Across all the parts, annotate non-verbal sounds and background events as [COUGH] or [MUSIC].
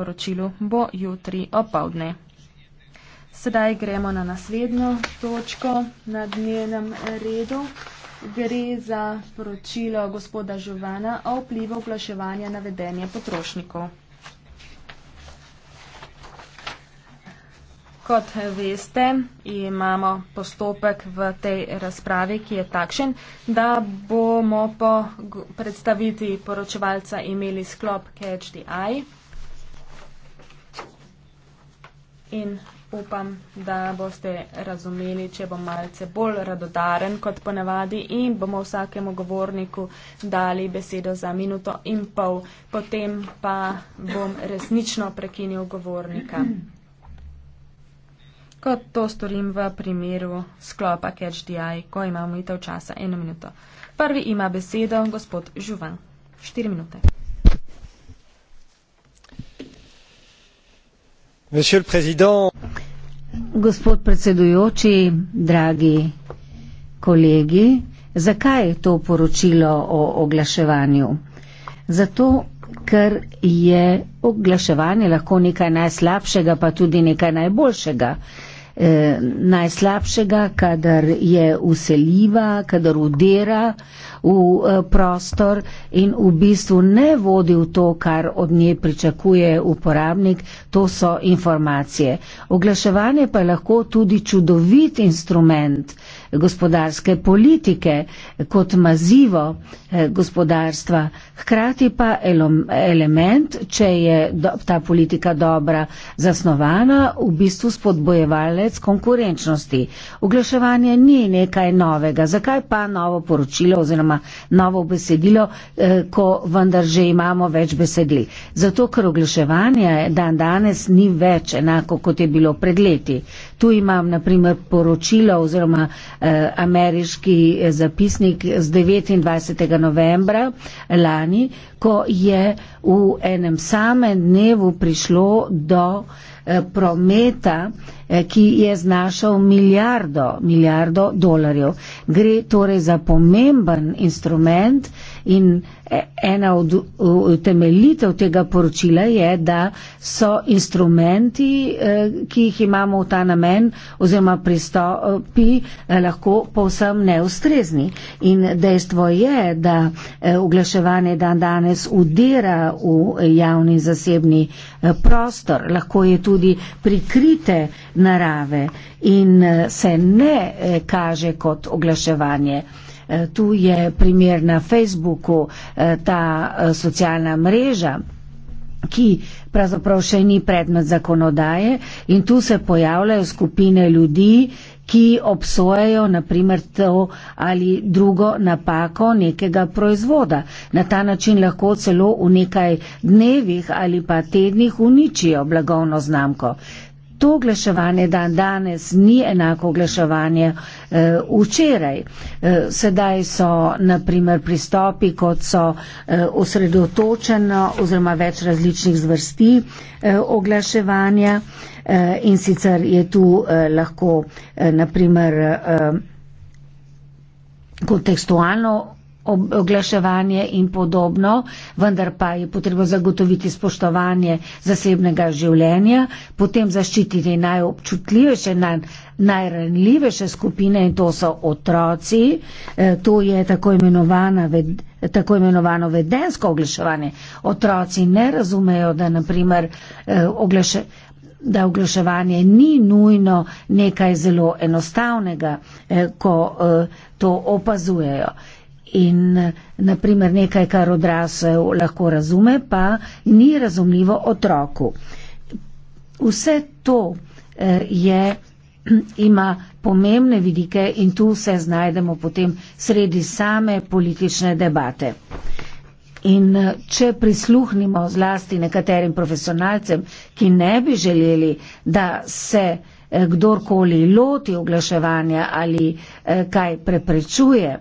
poročilu bo jutri opoldne. Sedaj gremo na naslednjo točko na dnevnem redu. Gre za poročilo gospoda Žovana o vplivu oglaševanja na vedenje potrošnikov. Kot veste, imamo postopek v tej razpravi, ki je takšen, da bomo po predstavitvi poročevalca imeli sklop Catch the Eye. in upam, da boste razumeli, če bom malce bolj radodaren kot ponavadi in bomo vsakemu govorniku dali besedo za minuto in pol, potem pa bom resnično prekinil govornika. Kot to storim v primeru sklopa CatchDI, ko imamo itev časa eno minuto. Prvi ima besedo gospod Žuvan. Štiri minute. Gospod predsedujoči, dragi kolegi, zakaj je to poročilo o oglaševanju? Zato, ker je oglaševanje lahko nekaj najslabšega, pa tudi nekaj najboljšega. E, najslabšega, kadar je useljiva, kadar udera, v eh, prostor in v bistvu ne vodi v to, kar od nje pričakuje uporabnik, to so informacije. Oglaševanje pa je lahko tudi čudovit instrument gospodarske politike kot mazivo eh, gospodarstva, hkrati pa element, če je ta politika dobra zasnovana, v bistvu spodbojevalec konkurenčnosti. Oglaševanje ni nekaj novega. Zakaj pa novo poročilo oziroma oziroma novo besedilo, eh, ko vendar že imamo več besedil. Zato, ker oglaševanje dan danes ni več enako, kot je bilo pred leti. Tu imam naprimer poročilo oziroma eh, ameriški eh, zapisnik z 29. novembra lani, ko je v enem samem dnevu prišlo do eh, prometa, eh, ki je znašal milijardo, milijardo dolarjev. Gre torej za pomemben instrument eh, In e, ena od temeljitev tega poročila je, da so instrumenti, e, ki jih imamo v ta namen oziroma pristopi, e, lahko povsem neustrezni. In dejstvo je, da oglaševanje dan danes udira v javni zasebni prostor, lahko je tudi prikrite narave in se ne kaže kot oglaševanje tu je primer na Facebooku, eh, ta eh, socialna mreža ki pravzaprav še ni predmet zakonodaje in tu se pojavljajo skupine ljudi, ki obsojajo naprimer to ali drugo napako nekega proizvoda. Na ta način lahko celo v nekaj dnevih ali pa tednih uničijo blagovno znamko to oglaševanje dan danes ni enako oglaševanje eh, včeraj. Eh, sedaj so naprimer pristopi, kot so eh, osredotočeno oziroma več različnih zvrsti eh, oglaševanja eh, in sicer je tu eh, lahko eh, naprimer eh, kontekstualno oglaševanje in podobno, vendar pa je potrebno zagotoviti spoštovanje zasebnega življenja, potem zaščititi najobčutljivejše, naj, najranljivejše skupine in to so otroci, e, to je tako imenovana ved tako imenovano vedensko oglaševanje. Otroci ne razumejo, da, naprimer, eh, oglaše, da oglaševanje ni nujno nekaj zelo enostavnega, eh, ko to opazujejo. In naprimer nekaj, kar odrasel lahko razume, pa ni razumljivo otroku. Vse to eh, je, [CLEARS THROAT] ima pomembne vidike in tu se znajdemo potem sredi same politične debate. In eh, če prisluhnimo zlasti nekaterim profesionalcem, ki ne bi želeli, da se eh, kdorkoli loti oglaševanja ali kaj preprečuje,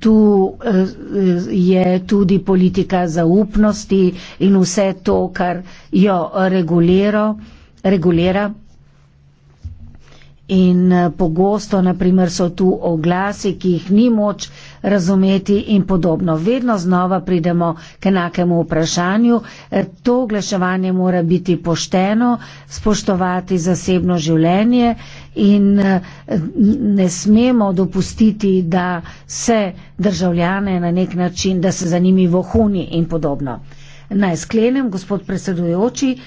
tu eh, je tudi politika zaupnosti in vse to, kar jo regulero, regulira. In eh, pogosto, naprimer, so tu oglasi, ki jih ni moč razumeti in podobno. Vedno znova pridemo k enakemu vprašanju. Eh, to oglaševanje mora biti pošteno, spoštovati zasebno življenje in eh, ne smemo dopustiti, da se državljane na nek način, da se za njimi vohuni in podobno. Naj sklenem, gospod predsedujoči,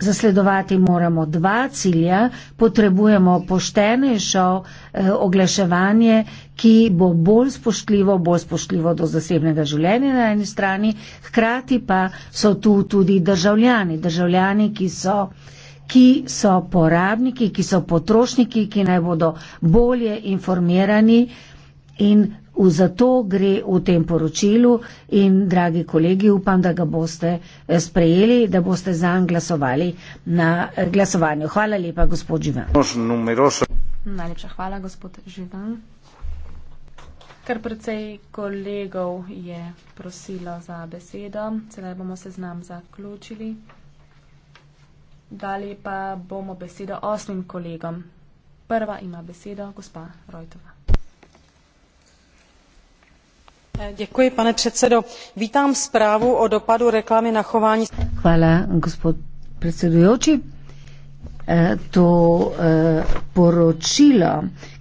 zasledovati moramo dva cilja, potrebujemo poštenejšo eh, oglaševanje, ki bo bolj spoštljivo, bolj spoštljivo do zasebnega življenja na eni strani, hkrati pa so tu tudi državljani, državljani, ki so ki so porabniki, ki so potrošniki, ki naj bodo bolje informirani in zato gre v tem poročilu in, dragi kolegi, upam, da ga boste eh, sprejeli, da boste za njega glasovali na eh, glasovanju. Hvala lepa, gospod Živan. Najlepša hvala, gospod Živan. Kar precej kolegov je prosilo za besedo, sedaj bomo seznam zaključili. Dali pa bomo besedo osmim kolegom. Prva ima besedo gospa Rojtova. Děkuji, pane předsedo. Vítám zprávu o dopadu reklamy na chování. Hvala, gospod predsedujoči. Eh, to eh, poročilo,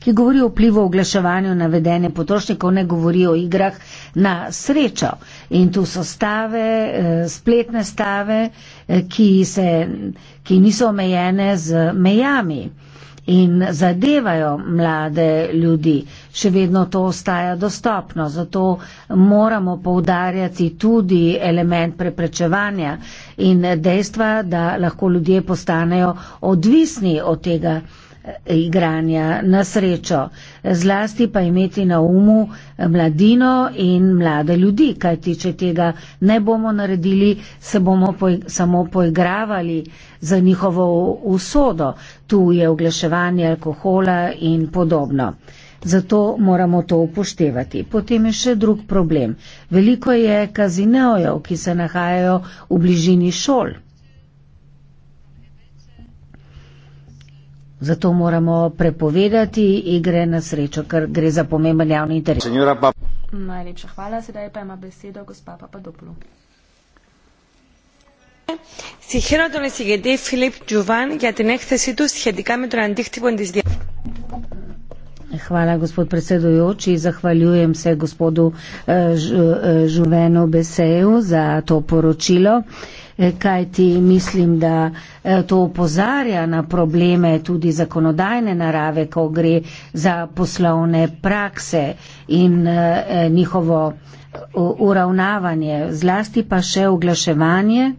ki govori o vplivu oglaševanja navedene potrošnikov, ne govori o igrah na srečo. In tu so stave, eh, spletne stave, ki, se, ki niso omejene z mejami in zadevajo mlade ljudi. Še vedno to ostaja dostopno, zato moramo poudarjati tudi element preprečevanja in dejstva, da lahko ljudje postanejo odvisni od tega igranja na srečo. Zlasti pa imeti na umu mladino in mlade ljudi, kajti če tega ne bomo naredili, se bomo poj samo poigravali za njihovo usodo. Tu je oglaševanje alkohola in podobno. Zato moramo to upoštevati. Potem je še drug problem. Veliko je kazineojev, ki se nahajajo v bližini šol. Zato moramo prepovedati igre na srečo, ker gre za pomemben javni interes. Najlepša hvala, sedaj pa ima besedo gospa Papadoplu. Si hirotol je sigedi Filip Đuvan, ja te nekste si tu sigedika me tu nantihtivo nizdje. Hvala, gospod predsedujoči. Zahvaljujem se gospodu eh, Ž, Ž, eh, Ž, Žuvenu Beseju za to poročilo. Uh, kajti mislim, da e, to opozarja na probleme tudi zakonodajne narave, ko gre za poslovne prakse in e, njihovo uravnavanje, zlasti pa še oglaševanje,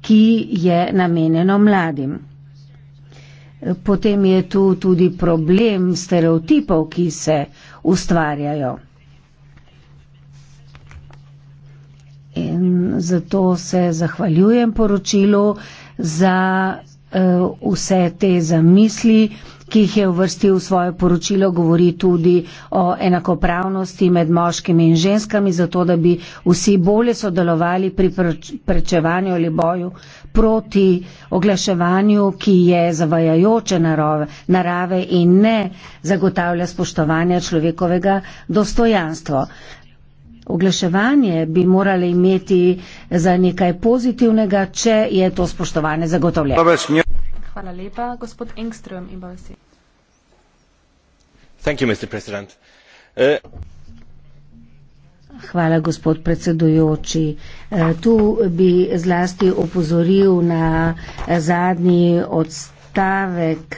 ki je namenjeno mladim. Potem je tu tudi problem stereotipov, ki se ustvarjajo. zato se zahvaljujem poročilu za eh, vse te zamisli, ki jih je uvrstil v svoje poročilo, govori tudi o enakopravnosti med moškimi in ženskami, zato da bi vsi bolje sodelovali pri prečevanju ali boju proti oglaševanju, ki je zavajajoče narave in ne zagotavlja spoštovanja človekovega dostojanstva oglaševanje bi morali imeti za nekaj pozitivnega, če je to spoštovanje zagotovljeno. Hvala lepa, gospod Engström. Eh, Hvala, gospod predsedujoči. Eh, tu bi zlasti opozoril na eh, zadnji odstavek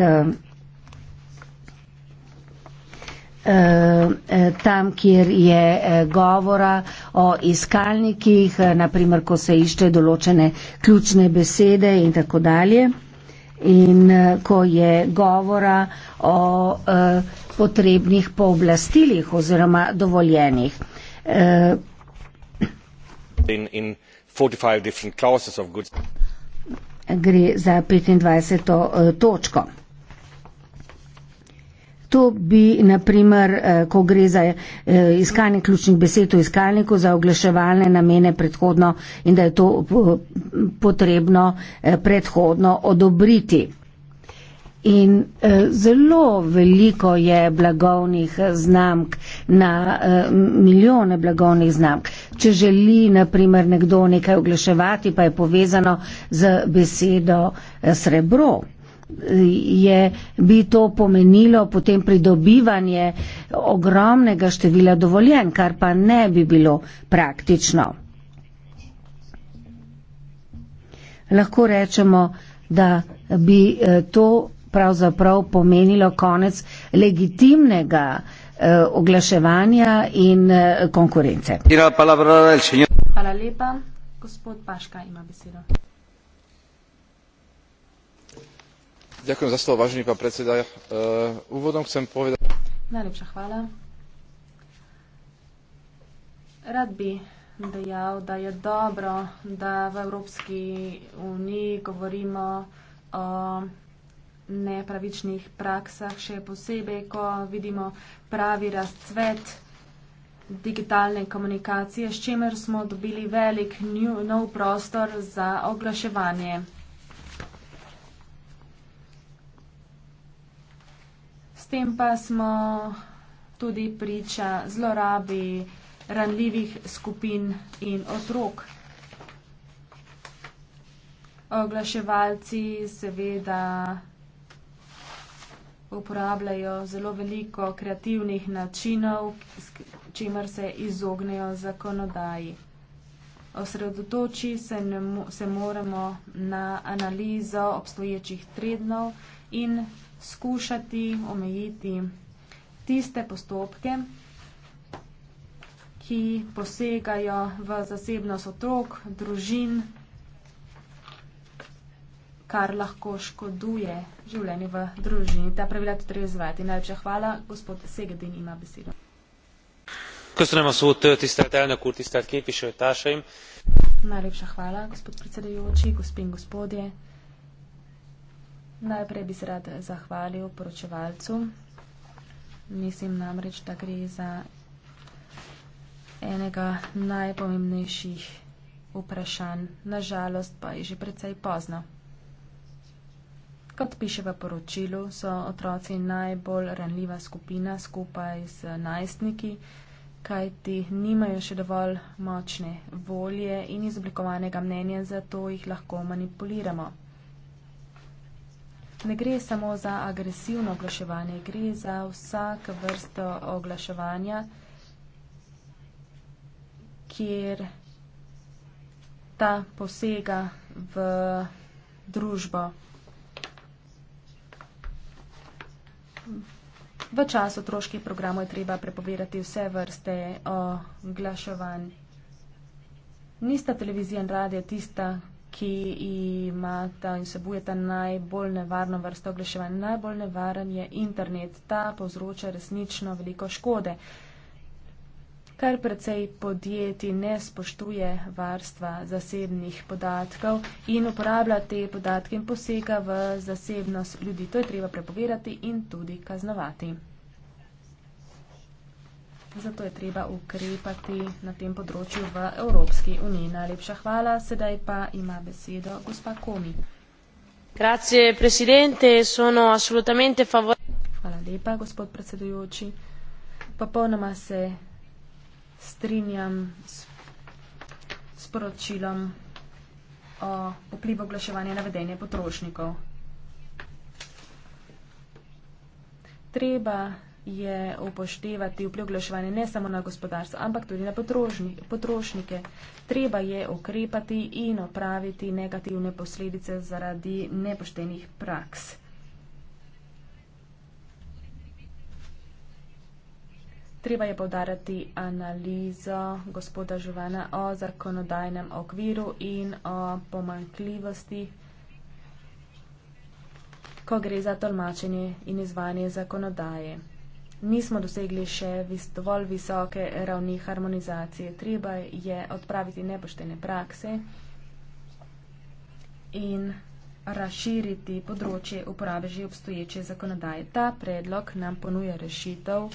Eh, tam, kjer je eh, govora o iskalnikih, eh, naprimer, ko se išče določene ključne besede in tako dalje. In ko je govora o potrebnih pooblastilih oziroma dovoljenih. In, in Gre za 25. točko. To bi, naprimer, eh, ko gre za eh, iskanje ključnih besed v iskalniku za oglaševalne namene predhodno in da je to eh, potrebno predhodno odobriti. In zelo veliko je blagovnih znamk na milijone blagovnih znamk. Če želi, naprimer, nekdo nekaj oglaševati, pa je povezano z besedo srebro je, bi to pomenilo potem pridobivanje ogromnega števila dovoljen, kar pa ne bi bilo praktično. Lahko rečemo, da bi eh, to pravzaprav pomenilo konec legitimnega eh, oglaševanja in eh, konkurence. Hvala lepa. Gospod Paška ima besedo. E, úvodom chcem povedať najlepšia chvála. Rad bi dejal, da je dobro, da v Evropski uniji govorimo o nepravičnih praksah, še posebej, ko vidimo pravi razcvet digitalne komunikacije, s čimer smo dobili velik nov prostor za oglaševanje. tem pa smo tudi priča zlorabi ranljivih skupin in otrok. Oglaševalci seveda uporabljajo zelo veliko kreativnih načinov, s čimer se izognejo zakonodaji. Osredotoči se, mo se moramo na analizo obstoječih trednov in skušati omejiti tiste postopke, ki posegajo v zasebnost otrok, družin, kar lahko škoduje življenje v družini. Ta pravila tudi treba izvajati. Najlepša hvala. Gospod Segedin ima besedo. Köszönöm a szót, tisztelt elnök úr, tisztelt képviselőtársaim. Najlepša hvala, gospod predsedajúči, gospin gospodje. Najprej bi se rad zahvalil poročevalcu. Mislim namreč, da gre za enega najpomembnejših vprašanj. Nažalost pa je že precej pozno. Kot piše v poročilu, so otroci najbolj ranljiva skupina skupaj z najstniki, kajti nimajo še dovolj močne volje in izoblikovanega mnenja, zato jih lahko manipuliramo ne gre samo za agresivno oglaševanje, gre za vsak vrsto oglaševanja, kjer ta posega v družbo. V času otroških programov je treba prepovedati vse vrste oglaševanj. Nista televizija in radio tista, ki imata in sebujeta najbolj nevarno vrsto oglaševanja. Najbolj nevaren je internet. Ta povzroča resnično veliko škode. Kar precej podjetij ne spoštuje varstva zasebnih podatkov in uporablja te podatke in posega v zasebnost ljudi. To je treba prepovedati in tudi kaznovati. Zato je treba ukrepati na tem področju v Evropski uniji. Najlepša hvala, sedaj pa ima besedo gospa Komi. Grazie, presidente, sono assolutamente favor... Hvala lepa, gospod predsedujoči. Popolnoma se strinjam s, s poročilom o vplivu oglaševanja na vedenje potrošnikov. Treba je upoštevati vpliv oglaševanja ne samo na gospodarstvo, ampak tudi na potrošnike. Treba je okrepati in opraviti negativne posledice zaradi nepoštenih praks. Treba je povdarjati analizo gospoda Živana o zakonodajnem okviru in o pomankljivosti, ko gre za tolmačenje in izvanje zakonodaje nismo dosegli še vis, dovolj visoke ravni harmonizacije. Treba je odpraviti nepoštene prakse in razširiti področje uporabe že obstoječe zakonodaje. Ta predlog nam ponuja rešitev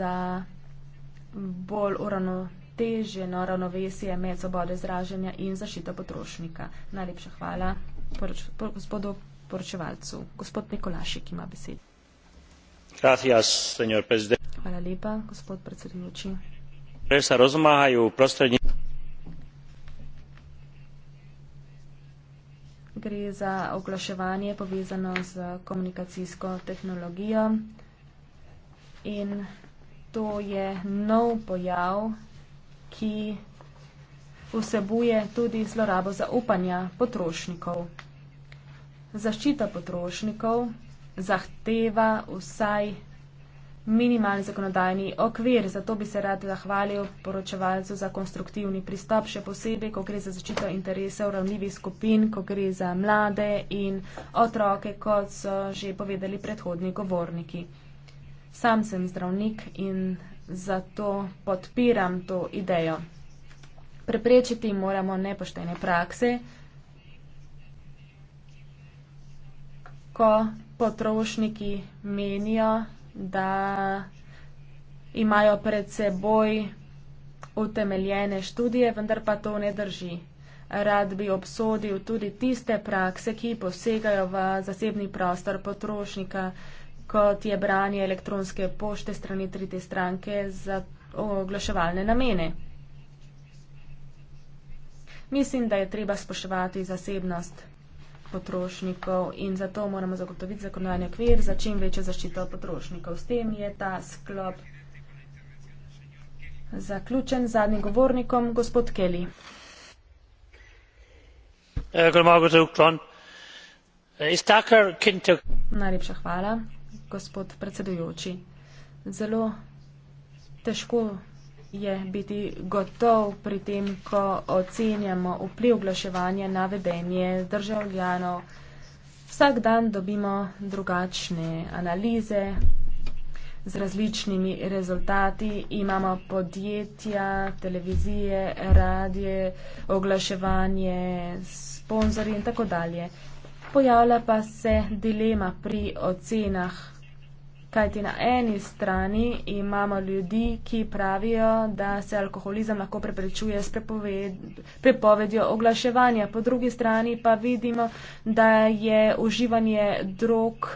za bolj uravnoteženo ravnovesje med svobodo izražanja in zaščito potrošnika. Najlepša hvala gospodu. Poroč, poročevalcu. Gospod Nikolašek ima besed. Gracias, señor presidente. Hvala lepa, gospod predsedujoči. Prej se rozmahajo prostredni. Gre za oglaševanje povezano z komunikacijsko tehnologijo in to je nov pojav, ki vsebuje tudi zlorabo zaupanja potrošnikov zaščita potrošnikov zahteva vsaj minimalni zakonodajni okvir. Zato bi se rad zahvalil poročevalcu za konstruktivni pristop, še posebej, ko gre za zaščito interesov ravnljivih skupin, ko gre za mlade in otroke, kot so že povedali predhodni govorniki. Sam sem zdravnik in zato podpiram to idejo. Preprečiti moramo nepoštene prakse. ko potrošniki menijo, da imajo pred seboj utemeljene študije, vendar pa to ne drži. Rad bi obsodil tudi tiste prakse, ki posegajo v zasebni prostor potrošnika, kot je branje elektronske pošte strani trite stranke za oglaševalne namene. Mislim, da je treba spoštovati zasebnost potrošnikov in zato moramo zagotoviti zakonodajni okvir za čim večjo zaščito potrošnikov. S tem je ta sklop zaključen. Zadnjim govornikom, gospod Kelly. Najlepša hvala, gospod predsedujoči. Zelo težko je biti gotov pri tem, ko ocenjamo vpliv oglaševanja na vedenje državljanov. Vsak dan dobimo drugačne analize z različnimi rezultati. Imamo podjetja, televizije, radije, oglaševanje, sponzorje in tako dalje. Pojavlja pa se dilema pri ocenah Kajti na eni strani imamo ljudi, ki pravijo, da se alkoholizem lahko preprečuje s prepovedjo oglaševanja, po drugi strani pa vidimo, da je uživanje drog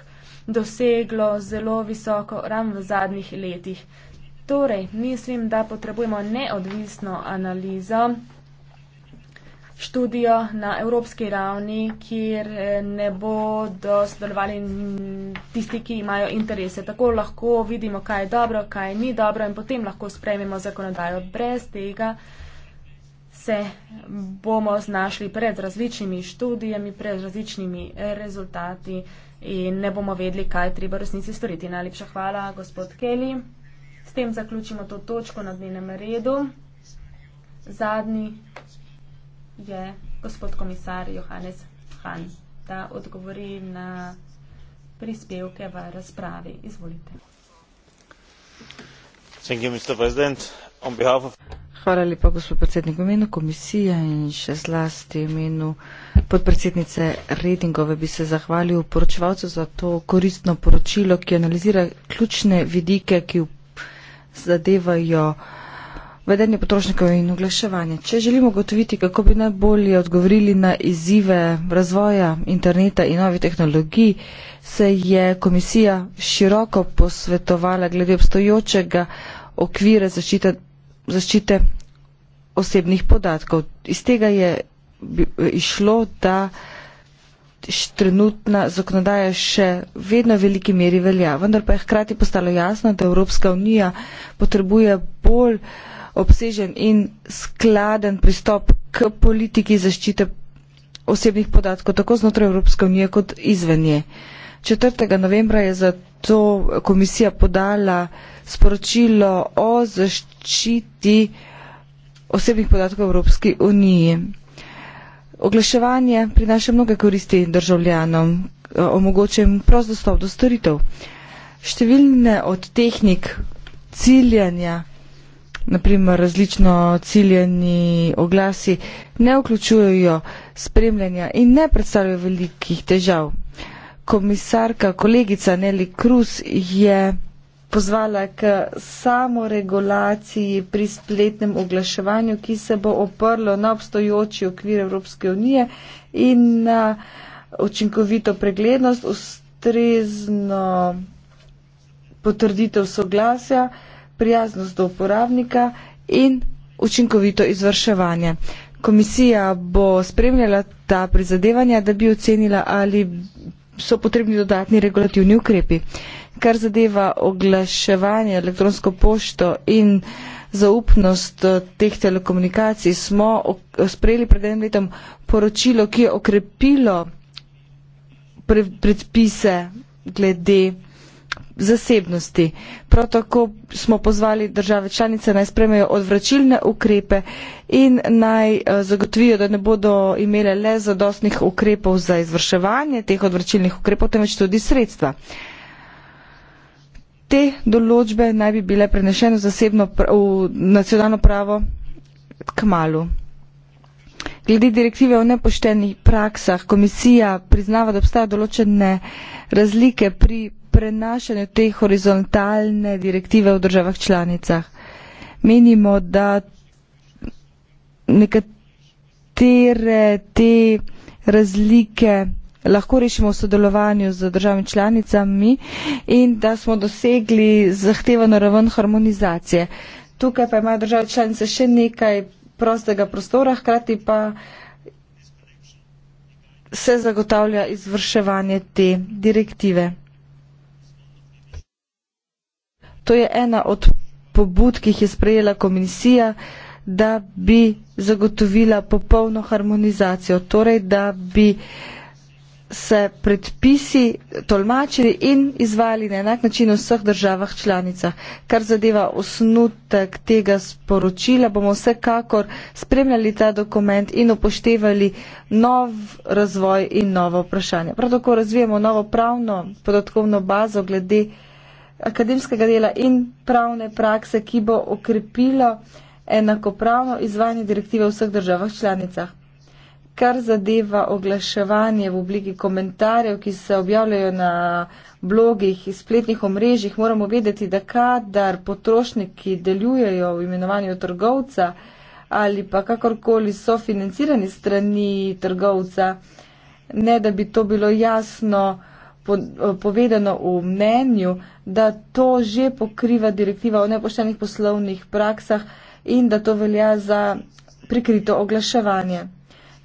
doseglo zelo visoko ravno v zadnjih letih. Torej, mislim, da potrebujemo neodvisno analizo študijo na evropski ravni, kjer eh, ne bodo sodelovali tisti, ki imajo interese. Tako lahko vidimo, kaj je dobro, kaj ni dobro in potem lahko sprejmemo zakonodajo. Brez tega se bomo znašli pred različnimi študijami, pred različnimi rezultati in ne bomo vedli, kaj treba resnici storiti. Najlepša hvala, gospod Kelly. S tem zaključimo to točko na dnevnem redu. Zadnji je gospod komisar Johannes Han, da odgovori na prispevke v razpravi. Izvolite. Hvala lepa, gospod predsednik, v imenu komisije in še zlasti v imenu podpredsednice Redingove bi se zahvalil poročevalcu za to koristno poročilo, ki analizira ključne vidike, ki zadevajo uh, vedenje potrošnikov in oglaševanje. Če želimo gotoviti, kako bi najbolje odgovorili na izzive razvoja interneta in novih tehnologij, se je komisija široko posvetovala glede obstoječega okvira zaščite, zaščite osebnih podatkov. Iz tega je išlo, da trenutna zakonodaja še vedno v veliki meri velja. Vendar pa je hkrati postalo jasno, da Evropska unija potrebuje bolj obsežen in skladen pristop k politiki zaščite osebnih podatkov tako znotraj Evropske unije kot izven nje. 4. novembra je zato komisija podala sporočilo o zaščiti osebnih podatkov Evropske unije. Oglaševanje prinaša mnoge koristi državljanom, omogoča jim prost dostop do storitev. Številne od tehnik ciljanja naprimer različno ciljeni oglasi, ne vključujejo spremljanja in ne predstavljajo velikih težav. Komisarka, kolegica Neli Kruz je pozvala k samoregulaciji pri spletnem oglaševanju, ki se bo oprlo na obstojoči okvir Evropske unije in na učinkovito preglednost, ustrezno potrditev soglasja, uh, prijaznost do uporabnika in učinkovito izvrševanje. Komisija bo spremljala ta prizadevanja, da bi ocenila, ali so potrebni dodatni regulativni ukrepi. Kar zadeva oglaševanje, elektronsko pošto in zaupnost eh, teh telekomunikacij, smo sprejeli pred enim letom poročilo, ki je okrepilo predpise glede zasebnosti. Prav tako smo pozvali države članice naj spremejo odvračilne ukrepe in naj eh, zagotovijo, da ne bodo imele le zadostnih ukrepov za izvrševanje teh odvračilnih ukrepov, temveč tudi sredstva. Te določbe naj bi bile prenešene zasebno v nacionalno pravo k malu. Glede direktive o nepoštenih praksah, komisija priznava, da obstajajo določene razlike pri prenašanju te horizontalne direktive v državah članicah. Menimo, da nekatere te razlike lahko rešimo v sodelovanju z državami članicami in da smo dosegli zahtevano raven harmonizacije. Tukaj pa imajo države članice še nekaj prostega prostora, hkrati pa se zagotavlja izvrševanje te direktive. To je ena od pobud, ki jih je sprejela komisija, da bi zagotovila popolno harmonizacijo, torej da bi se predpisi tolmačili in izvali na enak način v vseh državah članicah. Kar zadeva osnutek tega sporočila, bomo vsekakor spremljali ta dokument in upoštevali nov razvoj in novo vprašanje. Prav tako razvijamo novo pravno podatkovno bazo glede akademskega dela in pravne prakse, ki bo okrepilo enakopravno izvajanje direktive v vseh državah članicah. Kar zadeva oglaševanje v obliki komentarjev, ki se objavljajo na blogih, spletnih omrežjih, moramo vedeti, da kadar potrošniki delujejo v imenovanju trgovca ali pa kakorkoli so financirani strani trgovca, ne da bi to bilo jasno, Eh, povedano v mnenju, da to že pokriva direktiva o nepoštenih poslovnih praksah in da to velja za prikrito oglaševanje.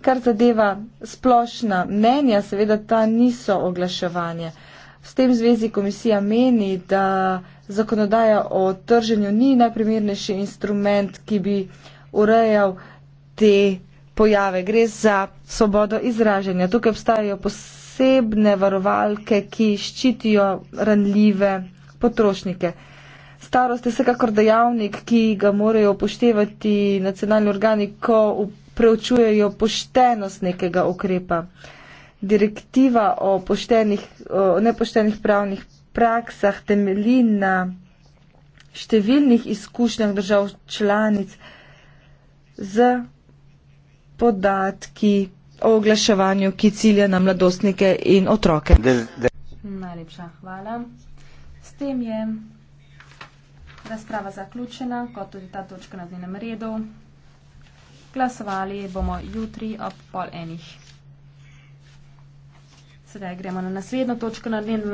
Kar zadeva splošna mnenja, seveda ta niso oglaševanje. S tem zvezi komisija meni, da zakonodaja o trženju ni najprimernejši instrument, ki bi urejal te pojave. Gre za svobodo izražanja. Tukaj obstajajo posebne posebne varovalke, ki ščitijo ranljive potrošnike. Starost je vsekakor dejavnik, ki ga morajo upoštevati nacionalni organi, ko preučujejo poštenost nekega ukrepa. Direktiva o, poštenih, o nepoštenih pravnih praksah temelji na številnih izkušnjah držav članic z podatki o oglaševanju, ki cilja na mladostnike in otroke. Najlepša hvala. S tem je razprava zaključena, kot tudi ta točka na dnevnem redu. Glasovali bomo jutri ob pol enih. Sedaj gremo na naslednjo točko na dnevnem redu.